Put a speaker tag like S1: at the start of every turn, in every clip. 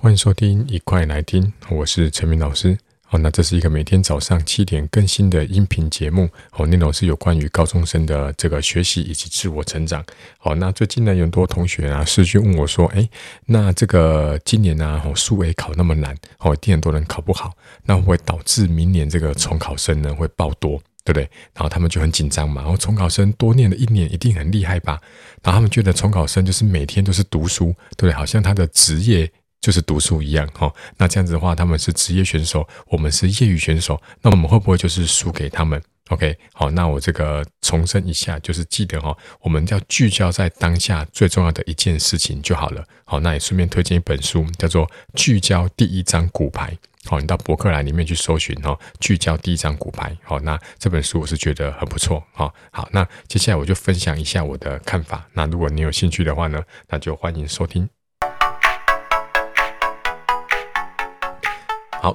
S1: 歡迎收聽，一塊來聽，我是陳明老師。好、哦，那這是一個每天早上七點更新的音頻節目。好、哦，內容是有關於高中生的這個學習以及自我成長。好、哦，那最近呢，有很多同學啊，是去問我說：“誒，那這個今年呢、啊，哦，數 A 考那麼難，哦，一定很多人考不好，那會，會導致明年這個重考生呢會爆多，對不對？然後他們就很緊張嘛。然、哦、後重考生多念了一年，一定很厲害吧？然後他們覺得重考生就是每天都是讀書，對不對？好像他的職業……就是讀書一樣哈、哦，那這樣子的話，他們是職業選手，我們是業餘選手，那我們會不會就是輸給他們？OK，好，那我這個重申一下，就是記得哈、哦，我們要聚焦在當下最重要的一件事情就好了。好、哦，那也順便推薦一本書，叫做《聚焦第一張骨牌》。好、哦，你到博客來裡面去搜尋哈，哦《聚焦第一張骨牌》哦。好，那這本書我是覺得很不錯。好、哦，好，那接下來我就分享一下我的看法。那如果你有興趣的話呢，那就歡迎收聽。好，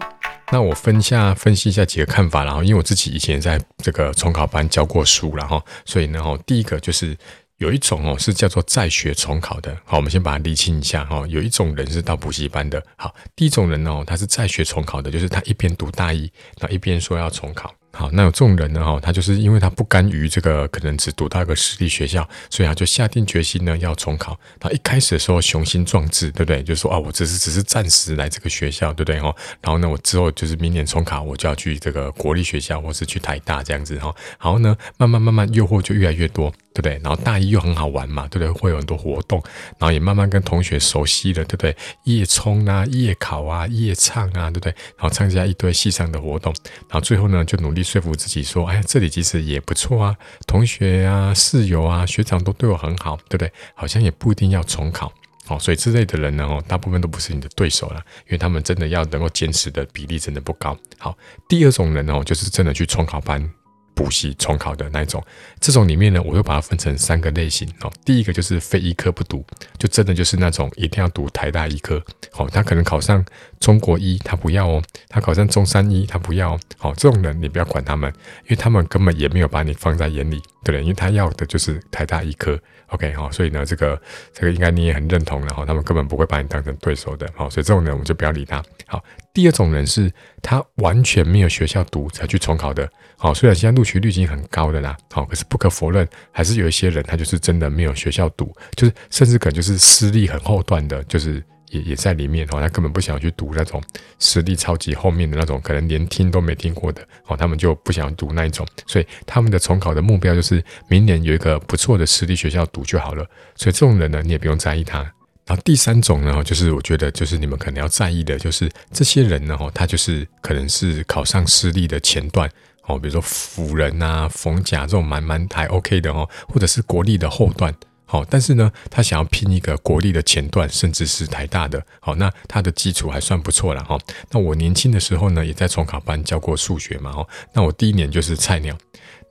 S1: 那我分下，分析一下幾個看法，然後因為我自己以前在這個重考班教過書，然後所以呢，哦，第一個就是有一種哦是叫做在學重考的，好，我們先把它理清一下，哈，有一種人是到補習班的，好，第一種人哦，他是在學重考的，就是他一邊讀大一，然後一邊說要重考。好，那有這種人呢，哈，他就是因為他不甘於這個，可能只讀到一個私立學校，所以啊，就下定決心呢要重考。他一開始的時候雄心壯志，對不對？就說啊，我只是只是暫時來這個學校，對不對？哦，然後呢，我之後就是明年重考，我就要去這個國立學校，或者是去台大這樣子哈。然後呢，慢慢慢慢，誘惑就越來越多。對不對？然後大一又很好玩嘛，對不對？會有很多活動，然後也慢慢跟同學熟悉了，對不對？夜衝啊、夜考啊、夜唱啊，對不對？然後參加一堆系上的活動，然後最後呢，就努力說服自己說，哎，這裡其實也不錯啊，同學啊、室友啊、學長都對我很好，對不對？好像也不一定要重考。好，哦，所以這類的人呢，哦，大部分都不是你的對手了，因為他們真的要能夠堅持的比例真的不高。好，第二種人呢，就是真的去重考班。補習重考的那種，這種裡面呢，我又把它分成三個類型哦。第一個就是非醫科不讀，就真的就是那種一定要讀台大醫科，好、哦，他可能考上中國醫他不要哦，他考上中山醫他不要哦，好、哦，這種人你不要管他們，因為他們根本也沒有把你放在眼裡。可能因為他要的就是台大醫科，OK 好、哦，所以呢，這個這個應該你也很認同的哈、哦，他們根本不會把你當成對手的，好、哦，所以這種人，我們就不要理他。好、哦，第二種人是，他完全沒有學校讀才去重考的，好、哦，雖然現在錄取率已經很高的啦，好、哦，可是不可否認，還是有一些人他就是真的沒有學校讀，就是甚至可能就是私立很後段的，就是。也也在裡面、哦，他根本不想要去讀那種私立超級後面的那種，可能連聽都沒聽過的，哦，他們就不想讀那一種，所以他們的重考的目標就是明年有一個不錯的私立學校讀就好了。所以這種人呢，你也不用在意他。然後第三種呢，就是我覺得就是你們可能要在意的就是這些人呢，哦，他就是可能是考上私立的前段，哦，比如說輔仁啊、逢甲這種蠻蠻還 OK 的，哦，或者是國立的後段。好，但是呢，他想要拼一個國立的前段，甚至是台大的，好，那他的基礎還算不錯了哈。那我年輕的時候呢，也在重考班教過數學嘛，那我第一年就是菜鳥。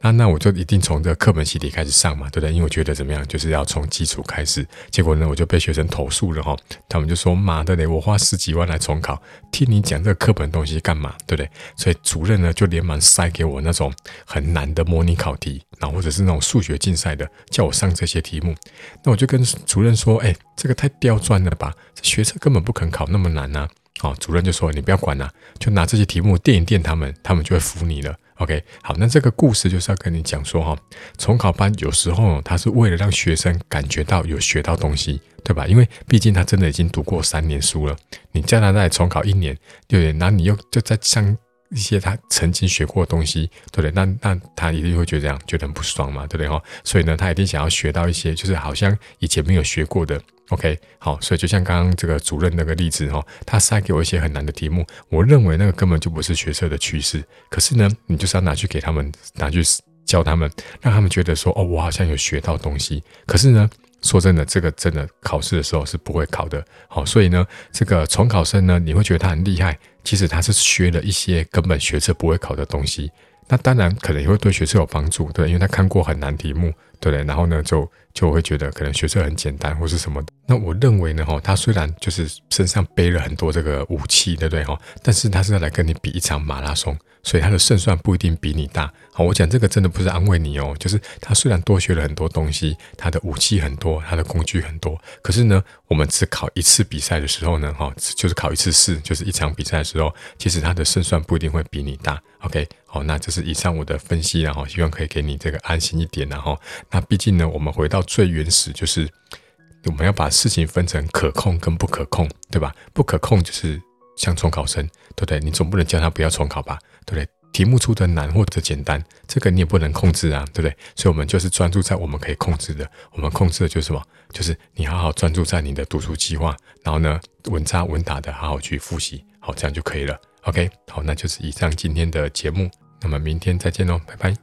S1: 那那我就一定從這個課本習題開始上嘛，對不對？因為我覺得怎麼樣，就是要從基礎開始。結果呢，我就被學生投訴了吼，他們就說：“媽的嘞，我花十幾萬來重考，聽你講這個課本東西幹嘛？對不對？”所以主任呢，就連忙塞給我那種很難的模擬考題，然後或者是那種數學競賽的，叫我上這些題目。那我就跟主任說：“哎、欸，這個太刁鑽了吧？這學生根本不肯考那麼難啊！”哦，主任就說：“你不要管了、啊，就拿這些題目電一電他們，他們就會服你了。” OK，好，那這個故事就是要跟你講說哈、哦，重考班有時候他、哦、是為了讓學生感覺到有學到東西，對吧？因為畢竟他真的已經讀過三年書了，你叫他再重考一年，對不對？那你又就再上一些他曾經學過的東西，對不對？那那他一定會覺得這樣覺得很不爽嘛，對不對哈？所以呢，他一定想要學到一些就是好像以前沒有學過的。OK，好，所以就像剛剛這個主任那個例子哈、哦，他塞給我一些很難的題目，我認為那個根本就不是學測的趨勢。可是呢，你就是要拿去給他們，拿去教他們，讓他們覺得說哦，我好像有學到東西。可是呢，說真的，這個真的考試的時候是不會考的。好，所以呢，這個重考生呢，你會覺得他很厲害，其實他是學了一些根本學測不會考的東西。那當然可能也會對學測有幫助，對，因為他看過很難題目，對，然後呢，就就會覺得可能學測很簡單或是什麼的。那我認為呢，哈、哦，他雖然就是身上背了很多這個武器，對不對，哈、哦？但是他是要來跟你比一場馬拉松，所以他的勝算不一定比你大。好，我講這個真的不是安慰你哦，就是他雖然多學了很多東西，他的武器很多，他的工具很多，可是呢，我們只考一次比賽的時候呢，哈、哦，就是考一次試，就是一場比賽的時候，其實他的勝算不一定會比你大。OK。好，那就是以上我的分析，然後希望可以給你這個安心一點，然後那畢竟呢，我們回到最原始，就是我們要把事情分成可控跟不可控，對吧？不可控就是像重考生，對不對？你總不能叫他不要重考吧，對不對？題目出的難或者簡單，這個你也不能控制啊，對不對？所以，我們就是專注在我們可以控制的，我們控制的就是什麼？就是你好好專注在你的讀書計劃，然後呢，穩紮穩打的好好去複習，好，這樣就可以了。OK，好，那就是以上今天的節目。那麼明天再見嘍，拜拜。